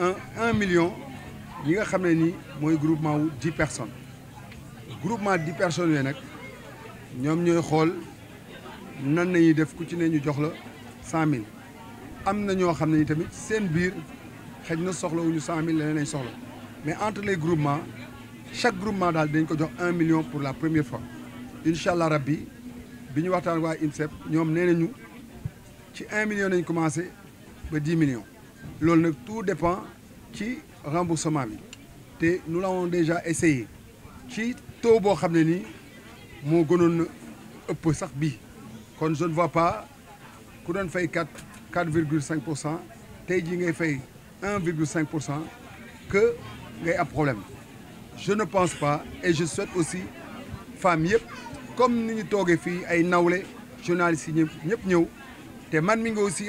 1 million, nous avons un groupement de 10 personnes. Le groupement de 10 personnes, nous avons ce 100 000. Il y a de 100 000 Mais entre les groupements, chaque groupement a donné 1 million pour la première fois. Inch'Allah Rabbi, quand on parle d'INSEP, ont 1 million, ils ont commencé à 10 millions tout dépend du remboursement nous l'avons déjà essayé ci taux monde monde ne nous bi je ne vois pas ku on fait 4,5%, 4,5% que un problème je ne pense pas et je souhaite aussi femmes comme nous journalistes les aussi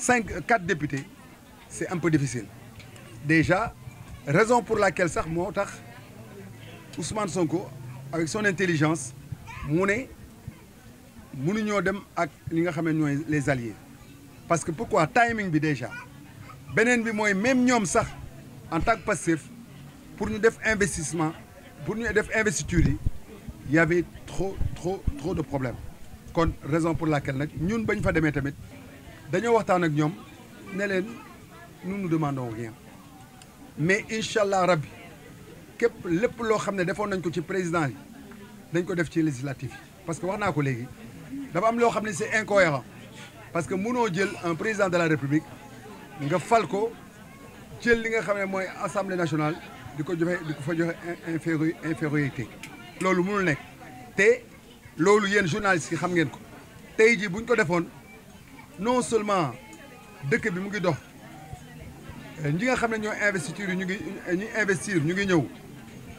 5 quatre députés c'est un peu difficile déjà raison pour laquelle sax Ousmane Sonko avec son intelligence ne dem les alliés parce que pourquoi timing déjà bi même nous, en tant que passif, pour nous faire investissement pour nous faire investiture il y avait trop trop trop de problèmes la raison pour laquelle nous, ñun bañ fa dañoo waxtaan ak ñoom ne leen nous ne demandons rien mais inshallah rabbi képp lépp loo xam ne defoon nañ ko ci président yi dañ ko def ci législatif yi parce que wax naa ko léegi dafa am loo xam ne c'est incohérent parce que mënoo jël un président de la république nga fal ko jël li nga xam ne mooy assemblée nationale di ko joxe di ko fa joxe inféri infériorité loolu mënul nekk te loolu yéen journalistes yi xam ngeen ko tey jii buñ ko defoon non seulement dëkk bi mu ngi dox eh, ñi nga xam ne ñoo investiture ñu ngi eh, ñu investir ñu ngi ñëw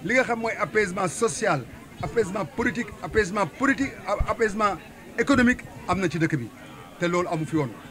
li nga xam mooy apaisement social apaisement politique apaisement politique apaisement économique am na ci dëkk bi te loolu amu fi woon